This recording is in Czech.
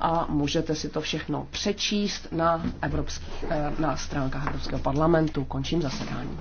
a můžete si to všechno přečíst na, evropských, eh, na stránkách Evropského parlamentu. Končím zasedání.